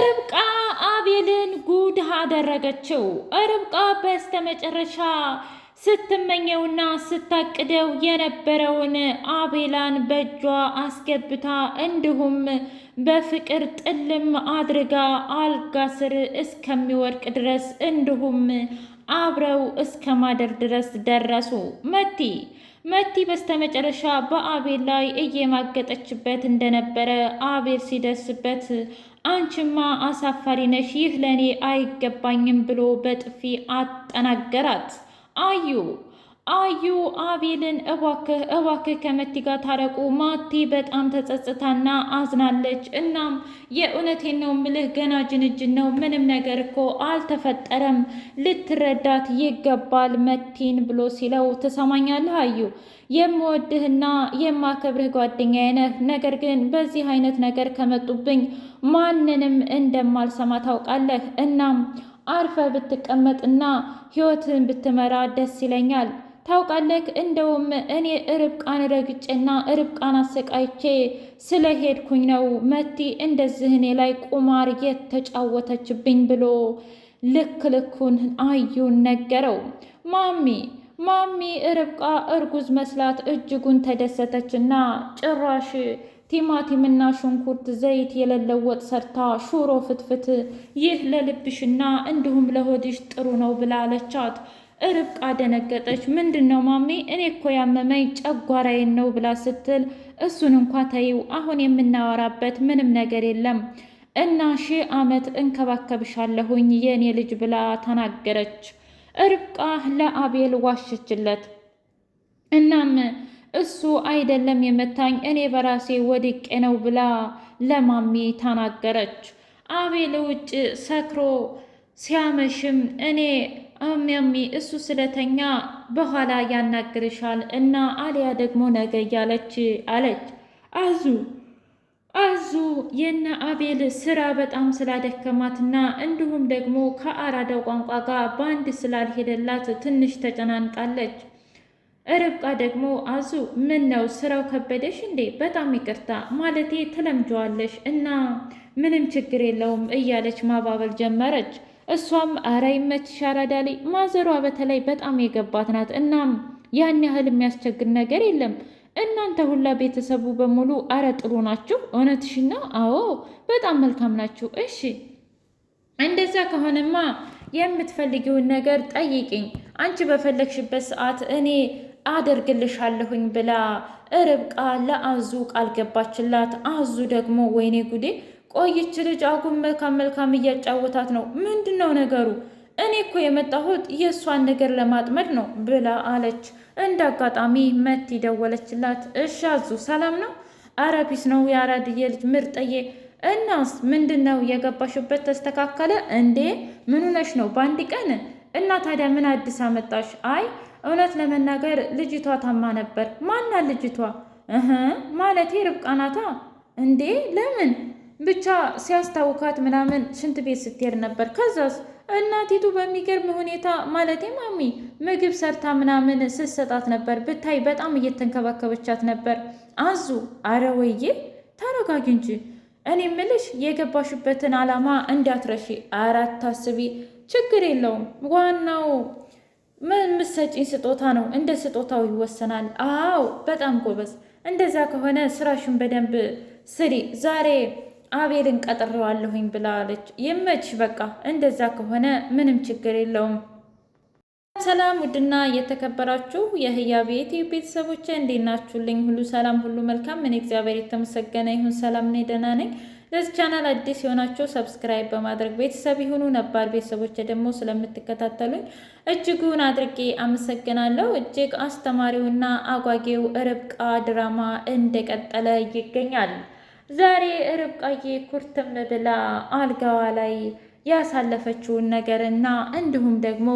ርብቃ አቤልን ጉድ አደረገችው። ርብቃ በስተመጨረሻ ስትመኘውና ስታቅደው የነበረውን አቤላን በእጇ አስገብታ እንዲሁም በፍቅር ጥልም አድርጋ አልጋ ስር እስከሚወድቅ ድረስ እንዲሁም አብረው እስከ ማደር ድረስ ደረሱ መቲ መቲ በስተመጨረሻ በአቤል ላይ እየማገጠችበት እንደነበረ አቤል ሲደርስበት አንቺማ አሳፋሪ ነሽ፣ ይህ ለእኔ አይገባኝም ብሎ በጥፊ አጠናገራት አዩ አዩ አቤልን እባክህ እባክህ ከመቲ ጋር ታረቁ። ማቲ በጣም ተጸጽታና አዝናለች። እናም የእውነቴን ነው ምልህ ገና ጅንጅን ነው ምንም ነገር እኮ አልተፈጠረም፣ ልትረዳት ይገባል መቲን ብሎ ሲለው ትሰማኛለህ አዩ የምወድህና የማከብርህ ጓደኛዬ ነህ። ነገር ግን በዚህ አይነት ነገር ከመጡብኝ ማንንም እንደማልሰማ ታውቃለህ። እናም አርፈ ብትቀመጥና ህይወትን ብትመራ ደስ ይለኛል። ታውቃለህ እንደውም እኔ እርብቃን ረግጬና እርብቃን አሰቃይቼ ስለ ሄድኩኝ ነው መቲ እንደዚህ እኔ ላይ ቁማር የተጫወተችብኝ ብሎ ልክ ልኩን አዩን ነገረው። ማሚ ማሚ ርብቃ እርጉዝ መስላት እጅጉን ተደሰተችና ጭራሽ ቲማቲምና ሽንኩርት ዘይት የሌለው ወጥ ሰርታ ሹሮ ፍትፍት፣ ይህ ለልብሽና እንዲሁም ለሆድሽ ጥሩ ነው ብላለቻት። ርብቃ ደነገጠች። ምንድን ነው ማሜ? እኔ እኮ ያመመኝ ጨጓራዬን ነው ብላ ስትል እሱን እንኳ ተይው፣ አሁን የምናወራበት ምንም ነገር የለም እና ሺህ ዓመት እንከባከብሻለሁኝ የእኔ ልጅ ብላ ተናገረች። ርብቃ ለአቤል ዋሸችለት። እናም እሱ አይደለም የመታኝ እኔ በራሴ ወድቄ ነው ብላ ለማሜ ተናገረች። አቤል ውጭ ሰክሮ ሲያመሽም እኔ አሚ እሱ ስለተኛ በኋላ ያናግርሻል እና አሊያ ደግሞ ነገ እያለች አለች። አዙ አዙ የነ አቤል ስራ በጣም ስላደከማትና እንዲሁም ደግሞ ከአራዳው ቋንቋ ጋር በአንድ ስላልሄደላት ትንሽ ተጨናንቃለች። ርብቃ ደግሞ አዙ ምን ነው ስራው ከበደሽ እንዴ? በጣም ይቅርታ ማለቴ ትለምጀዋለሽ እና ምንም ችግር የለውም እያለች ማባበል ጀመረች። እሷም አረ ይመችሽ አራዳ ላይ ማዘሯ በተለይ በጣም የገባት ናት። እናም ያን ያህል የሚያስቸግር ነገር የለም። እናንተ ሁላ ቤተሰቡ በሙሉ አረ ጥሩ ናችሁ። እውነትሽና? አዎ በጣም መልካም ናችሁ። እሺ እንደዛ ከሆነማ የምትፈልጊውን ነገር ጠይቂኝ፣ አንቺ በፈለግሽበት ሰዓት እኔ አደርግልሻለሁኝ ብላ ርብቃ ለአዙ ቃል ገባችላት። አዙ ደግሞ ወይኔ ጉዴ ቆይች ልጅ አጉል መልካም መልካም እያጫወታት ነው። ምንድን ነው ነገሩ? እኔ እኮ የመጣሁት የእሷን ነገር ለማጥመድ ነው ብላ አለች። እንደ አጋጣሚ መቲ ደወለችላት። እሺ አዙ ሰላም ነው? አረቢስ ነው የአራድዬ ልጅ ምርጥዬ። እናስ ምንድን ነው የገባሽበት? ተስተካከለ እንዴ? ምን ሆነሽ ነው በአንድ ቀን? እና ታዲያ ምን አዲስ አመጣሽ? አይ እውነት ለመናገር ልጅቷ ታማ ነበር። ማና ልጅቷ? እህ ማለቴ ርብቃ ናታ እንዴ? ለምን ብቻ ሲያስታውካት ምናምን ሽንት ቤት ስትሄድ ነበር። ከዛስ እናቲቱ በሚገርም ሁኔታ ማለቴ ማሚ ምግብ ሰርታ ምናምን ስትሰጣት ነበር። ብታይ በጣም እየተንከባከበቻት ነበር። አዙ አረ ወይዬ ተረጋጊ እንጂ እኔ ምልሽ የገባሽበትን ዓላማ እንዳትረሺ። አራት ታስቢ ችግር የለውም ዋናው ምን ምሰጪኝ ስጦታ ነው። እንደ ስጦታው ይወሰናል። አዎ በጣም ጎበዝ። እንደዛ ከሆነ ስራሽን በደንብ ስሪ ዛሬ አቤልን ቀጥሬዋለሁኝ ብላለች። ይመች በቃ እንደዛ ከሆነ ምንም ችግር የለውም። ሰላም ውድና የተከበራችሁ የህያ ቤት ቤተሰቦች እንዴት ናችሁልኝ? ሁሉ ሰላም፣ ሁሉ መልካም። እኔ እግዚአብሔር የተመሰገነ ይሁን ሰላም ነኝ፣ ደህና ነኝ። ለዚህ ቻናል አዲስ የሆናቸው ሰብስክራይብ በማድረግ ቤተሰብ ይሁኑ። ነባር ቤተሰቦች ደግሞ ስለምትከታተሉኝ እጅጉን አድርጌ አመሰግናለሁ። እጅግ አስተማሪውና አጓጌው ርብቃ ድራማ እንደቀጠለ ይገኛል። ዛሬ ርብቃዬ ኩርትም ብላ አልጋዋ ላይ ያሳለፈችውን ነገርና እንዲሁም ደግሞ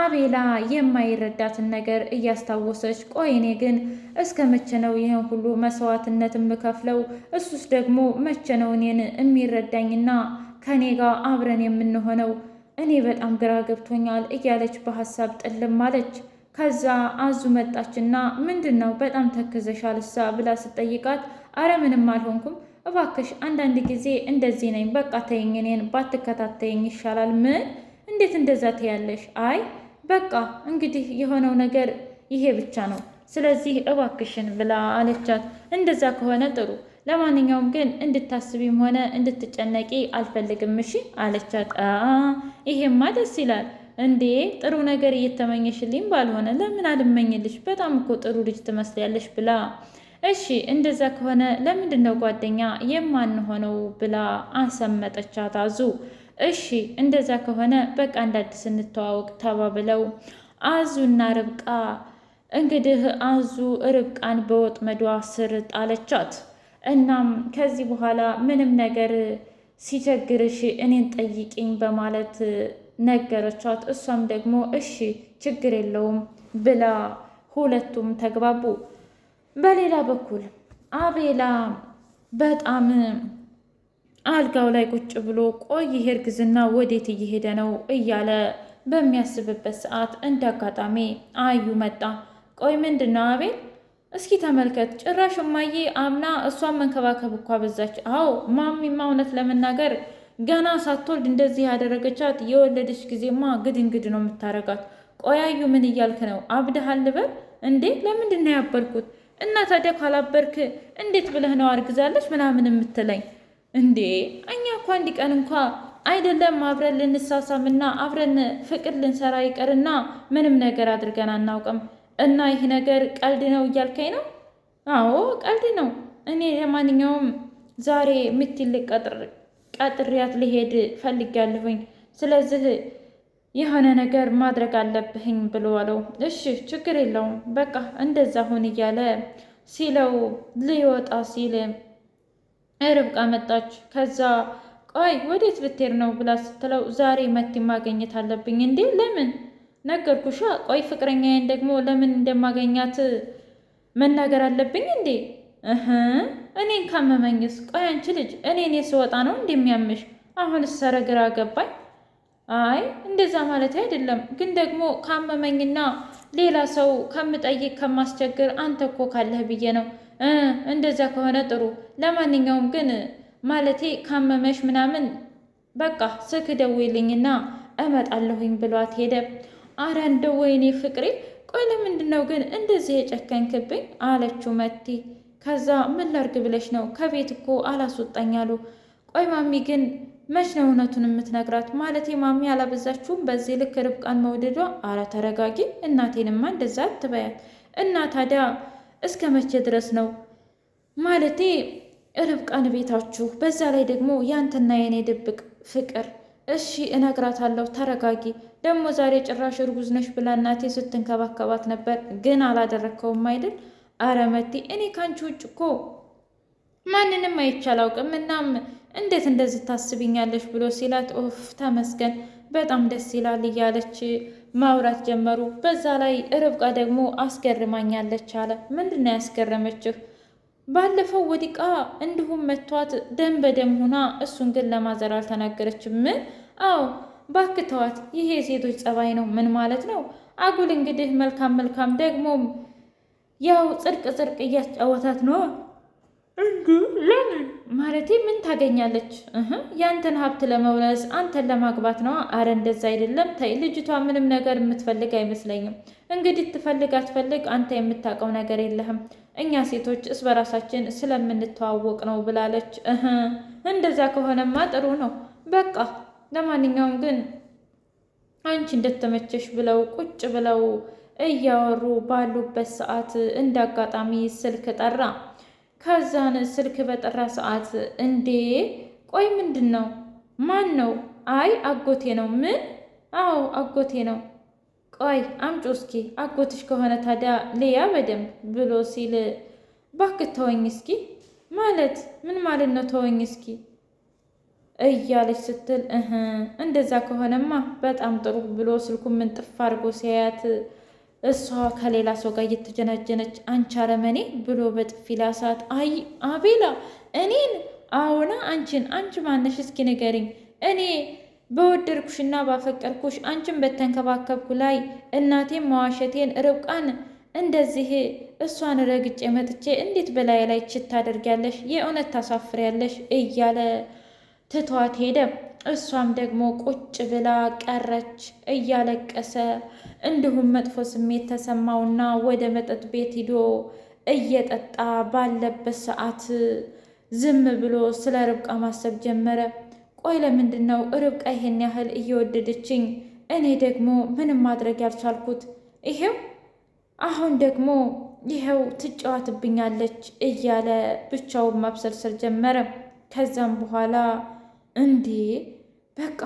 አቤላ የማይረዳትን ነገር እያስታወሰች፣ ቆይኔ ግን እስከ መቼ ነው ይህን ሁሉ መስዋዕትነት የምከፍለው? እሱስ ደግሞ መቼ ነው እኔን የሚረዳኝና ከኔ ጋር አብረን የምንሆነው? እኔ በጣም ግራ ገብቶኛል እያለች በሀሳብ ጥልም አለች። ከዛ አዙ መጣችና ምንድን ነው በጣም ተክዘሻል እሳ ብላ ስጠይቃት አረ ምንም አልሆንኩም እባክሽ አንዳንድ ጊዜ እንደዚህ ነኝ። በቃ ተይኝ፣ እኔን ባትከታተይኝ ይሻላል። ምን? እንዴት እንደዛ ትያለሽ? አይ በቃ እንግዲህ የሆነው ነገር ይሄ ብቻ ነው። ስለዚህ እባክሽን ብላ አለቻት። እንደዛ ከሆነ ጥሩ፣ ለማንኛውም ግን እንድታስቢም ሆነ እንድትጨነቂ አልፈልግም። እሺ አለቻት። ይሄማ ደስ ይላል እንዴ! ጥሩ ነገር እየተመኘሽልኝ ባልሆነ ለምን አልመኝልሽ? በጣም እኮ ጥሩ ልጅ ትመስያለሽ ብላ እሺ እንደዛ ከሆነ ለምንድን ነው ጓደኛ የማንሆነው ብላ አሰመጠቻት አዙ። እሺ እንደዛ ከሆነ በቃ እንዳዲስ እንተዋወቅ ተባብለው አዙና ርብቃ እንግዲህ አዙ ርብቃን በወጥመዷ ስር ጣለቻት። እናም ከዚህ በኋላ ምንም ነገር ሲቸግርሽ እኔን ጠይቅኝ በማለት ነገረቻት። እሷም ደግሞ እሺ ችግር የለውም ብላ ሁለቱም ተግባቡ። በሌላ በኩል አቤላ በጣም አልጋው ላይ ቁጭ ብሎ ቆይ ይሄ እርግዝና ወዴት እየሄደ ነው እያለ በሚያስብበት ሰዓት እንደ አጋጣሚ አዩ መጣ። ቆይ ምንድን ነው አቤል? እስኪ ተመልከት። ጭራሽ እማዬ አምና እሷን መንከባከብ እኮ አበዛች። አዎ ማሚማ፣ እውነት ለመናገር ገና ሳትወልድ እንደዚህ ያደረገቻት፣ የወለደች ጊዜማ ግድ እንግድ ነው የምታረጋት። ቆይ አዩ ምን እያልክ ነው? አብድሃል ልበል እንዴ? ለምንድን ነው ያበልኩት? እና ታዲያ ካላበርክ እንዴት ብለህ ነው አርግዛለች ምናምን የምትለኝ እንዴ? እኛ እኮ አንድ ቀን እንኳ አይደለም አብረን ልንሳሳምና አብረን ፍቅር ልንሰራ ይቀርና ምንም ነገር አድርገን አናውቅም። እና ይህ ነገር ቀልድ ነው እያልከኝ ነው? አዎ ቀልድ ነው። እኔ ለማንኛውም ዛሬ የምትልቅ ቀጥሪያት ልሄድ ፈልጊያለሁኝ። ስለዚህ የሆነ ነገር ማድረግ አለብህኝ ብሎ አለው። እሺ ችግር የለውም በቃ እንደዛ ሁን እያለ ሲለው ሊወጣ ሲል ርብቃ መጣች። ከዛ ቆይ ወዴት ብትሄድ ነው ብላ ስትለው ዛሬ መቲ ማገኘት አለብኝ እንዴ? ለምን ነገርኩሻ። ቆይ ፍቅረኛዬን ደግሞ ለምን እንደማገኛት መናገር አለብኝ እንዴ? እኔን ካመመኝስ? ቆይ አንቺ ልጅ እኔ እኔ ስወጣ ነው እንደሚያምሽ። አሁንስ ሰረግራ ገባኝ አይ እንደዛ ማለት አይደለም፣ ግን ደግሞ ካመመኝና ሌላ ሰው ከምጠይቅ ከማስቸግር አንተ እኮ ካለህ ብዬ ነው። እንደዛ ከሆነ ጥሩ። ለማንኛውም ግን ማለቴ ካመመሽ ምናምን በቃ ስክ ደውይልኝና እመጣለሁኝ ብሏት ሄደ። አረ እንደ ወይኔ ፍቅሬ፣ ቆይ ለምንድን ነው ግን እንደዚህ የጨከንክብኝ? አለችው መቲ። ከዛ ምን ላርግ ብለሽ ነው? ከቤት እኮ አላስወጣኝ አሉ። ቆይ ማሚ ግን መች ነው እውነቱን የምትነግራት? ማለት ማሚ አላበዛችሁም? በዚህ ልክ ርብቃን መውደዷ? አረ ተረጋጊ፣ እናቴንማ እንደዛ አትበያት። እና ታዲያ እስከ መቼ ድረስ ነው ማለቴ ርብቃን ቤታችሁ? በዛ ላይ ደግሞ ያንተና የኔ ድብቅ ፍቅር። እሺ እነግራታለሁ፣ ተረጋጊ። ደግሞ ዛሬ ጭራሽ እርጉዝ ነሽ ብላ እናቴ ስትንከባከባት ነበር፣ ግን አላደረግከውም አይደል? አረ መቴ፣ እኔ ካንቺ ውጭ እኮ ማንንም አይቻል አውቅም። እናም እንዴት እንደዚህ ታስብኛለች ብሎ ሲላት ኦፍ ተመስገን በጣም ደስ ይላል እያለች ማውራት ጀመሩ። በዛ ላይ ርብቃ ደግሞ አስገርማኛለች አለ። ምንድን ነው ያስገረመችህ? ባለፈው ወዲቃ እንዲሁም መቷት ደም በደም ሆና እሱን ግን ለማዘር አልተናገረችም። ምን? አዎ ባክተዋት፣ ይሄ የሴቶች ጸባይ ነው። ምን ማለት ነው? አጉል እንግዲህ መልካም መልካም ደግሞ ያው ጽድቅ ጽድቅ እያጫወታት ነው እንዲ ለምን ማለቴ ምን ታገኛለች? ያንተን ሀብት ለመውረስ አንተን ለማግባት ነው። አረ እንደዛ አይደለም። ተይ ልጅቷ ምንም ነገር የምትፈልግ አይመስለኝም። እንግዲህ ትፈልግ አትፈልግ አንተ የምታውቀው ነገር የለህም። እኛ ሴቶች እስ በራሳችን ስለምንተዋወቅ ነው ብላለች። እንደዛ ከሆነማ ጥሩ ነው። በቃ ለማንኛውም ግን አንቺ እንደተመቸሽ ብለው ቁጭ ብለው እያወሩ ባሉበት ሰዓት እንዳጋጣሚ ስልክ ጠራ። ከዛን ስልክ በጠራ ሰዓት እንዴ ቆይ ምንድን ነው? ማን ነው? አይ አጎቴ ነው። ምን? አዎ አጎቴ ነው። ቆይ አምጮ እስኪ አጎትሽ ከሆነ ታዲያ ልያ በደንብ ብሎ ሲል እባክህ ተወኝ እስኪ ማለት ምን ማለት ነው? ተወኝ እስኪ እያለች ስትል እንደዛ ከሆነማ በጣም ጥሩ ብሎ ስልኩ ምንጥፍ አድርጎ ሲያያት እሷ ከሌላ ሰው ጋር እየተጀናጀነች አንቺ አረመኔ ብሎ በጥፊ ላሳት። አይ አቤላ እኔን? አሁና አንቺን። አንቺ ማነሽ እስኪ ንገሪኝ። እኔ በወደድኩሽና ባፈቀርኩሽ አንቺን በተንከባከብኩ ላይ እናቴን መዋሸቴን ርብቃን እንደዚህ እሷን ረግጬ መጥቼ እንዴት በላይ ላይ ችት ታደርጊያለሽ? የእውነት ታሳፍሪያለሽ እያለ ትቷት ሄደም። እሷም ደግሞ ቁጭ ብላ ቀረች። እያለቀሰ እንዲሁም መጥፎ ስሜት ተሰማውና ወደ መጠጥ ቤት ሂዶ እየጠጣ ባለበት ሰዓት ዝም ብሎ ስለ ርብቃ ማሰብ ጀመረ። ቆይ ለምንድን ነው ርብቃ ይሄን ያህል እየወደደችኝ እኔ ደግሞ ምንም ማድረግ ያልቻልኩት? ይሄው አሁን ደግሞ ይኸው ትጫወትብኛለች እያለ ብቻውን ማብሰልሰል ጀመረ። ከዛም በኋላ እንዴ በቃ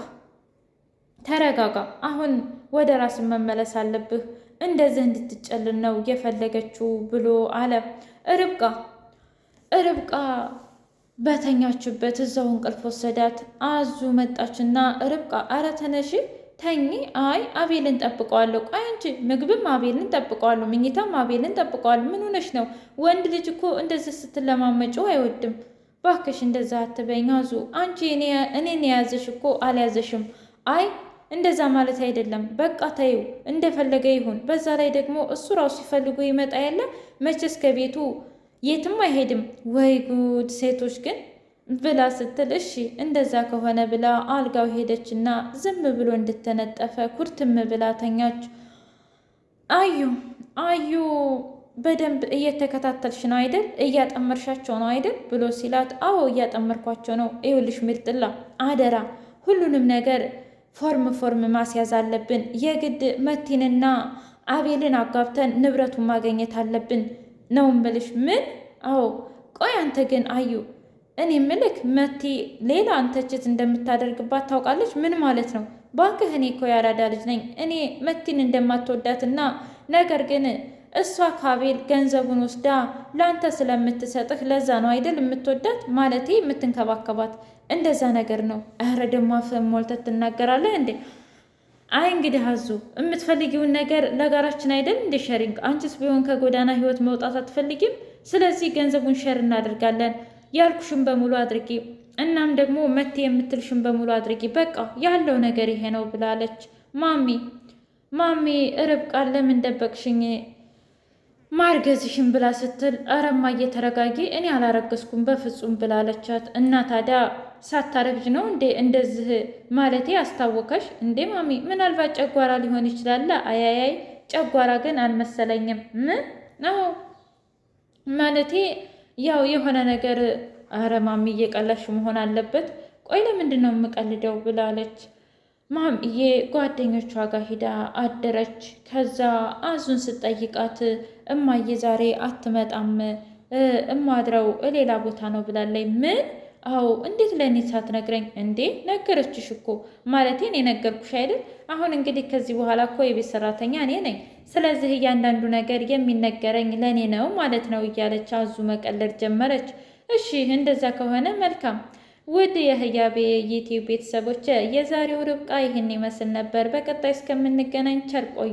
ተረጋጋ። አሁን ወደ ራስ መመለስ አለብህ። እንደዚህ እንድትጨልን ነው የፈለገችው ብሎ አለ። ርብቃ ርብቃ በተኛችበት እዛው እንቅልፍ ወሰዳት። አዙ መጣችና ርብቃ አረ ተነሺ ተኚ። አይ አቤልን ጠብቀዋለሁ። ቆይ አንቺ ምግብም አቤልን ጠብቀዋለሁ፣ ምኝታም አቤልን ጠብቀዋለሁ። ምን ሆነሽ ነው? ወንድ ልጅ እኮ እንደዚህ ስትለማመጪው አይወድም። ባክሽ እንደዛ አትበኝ አዙ። አንቺ እኔን የያዘሽ እኮ አልያዘሽም። አይ እንደዛ ማለት አይደለም። በቃ ታዩ እንደፈለገ ይሁን። በዛ ላይ ደግሞ እሱ ራሱ ሲፈልጉ ይመጣ ያለ መቼስ ከቤቱ የትም አይሄድም። ወይ ጉድ! ሴቶች ግን ብላ ስትል እሺ እንደዛ ከሆነ ብላ አልጋው ሄደችና ዝም ብሎ እንደተነጠፈ ኩርትም ብላ ተኛች። አዩ አዩ በደንብ እየተከታተልሽ ነው አይደል? እያጠመርሻቸው ነው አይደል? ብሎ ሲላት አዎ እያጠመርኳቸው ነው። ይኸውልሽ ምርጥላ አደራ ሁሉንም ነገር ፎርም ፎርም ማስያዝ አለብን። የግድ መቲንና አቤልን አጋብተን ንብረቱን ማገኘት አለብን ነው እምልሽ። ምን? አዎ። ቆይ አንተ ግን አዩ፣ እኔ ምልክ መቲ ሌላ አንተ ችት እንደምታደርግባት ታውቃለች? ምን ማለት ነው? ባክህ፣ እኔ እኮ ያራዳ ልጅ ነኝ። እኔ መቲን እንደማትወዳትና ነገር ግን እሷ ካቤል ገንዘቡን ወስዳ ለአንተ ስለምትሰጥህ ለዛ ነው አይደል የምትወዳት ማለቴ የምትንከባከባት እንደዛ ነገር ነው። እረ ደግሞ አፍህን ሞልተህ ትናገራለህ እንዴ? አይ እንግዲህ አዙ የምትፈልጊውን ነገር ለጋራችን አይደል እንደ ሸሪንግ። አንቺስ ቢሆን ከጎዳና ህይወት መውጣት አትፈልጊም። ስለዚህ ገንዘቡን ሸር እናደርጋለን። ያልኩሽን በሙሉ አድርጊ፣ እናም ደግሞ መቴ የምትልሽን በሙሉ አድርጊ። በቃ ያለው ነገር ይሄ ነው ብላለች ማሚ። ማሚ ርብቃን ለምን ደበቅሽኝ ማርገዝሽን ብላ ስትል አረማ እየተረጋጊ እኔ አላረገዝኩም በፍጹም ብላለቻት። እና ታዲያ ሳታረግዥ ነው እንዴ እንደዚህ ማለቴ አስታወከሽ እንዴ ማሚ? ምናልባት ጨጓራ ሊሆን ይችላል። አያያይ ጨጓራ ግን አልመሰለኝም። ምን ነው ማለቴ ያው የሆነ ነገር አረማሚ ማሚ እየቀለሽ መሆን አለበት። ቆይ ለምንድን ነው የምቀልደው ብላለች። ማምዬ ጓደኞቿ ጋር ሂዳ አደረች። ከዛ አዙን ስጠይቃት እማዬ ዛሬ አትመጣም እማድረው ሌላ ቦታ ነው ብላለይ። ምን? አዎ። እንዴት ለእኔ ሳትነግረኝ? እንዴ ነገረችሽ እኮ ማለቴ እኔ ነገርኩሽ አይደል? አሁን እንግዲህ ከዚህ በኋላ እኮ የቤት ሰራተኛ እኔ ነኝ። ስለዚህ እያንዳንዱ ነገር የሚነገረኝ ለእኔ ነው ማለት ነው እያለች አዙ መቀለድ ጀመረች። እሺ እንደዛ ከሆነ መልካም ውድ የህያቤ የዩቲዩብ ቤተሰቦች የዛሬው ርብቃ ይህን ይመስል ነበር። በቀጣይ እስከምንገናኝ ቸር ቆዩ።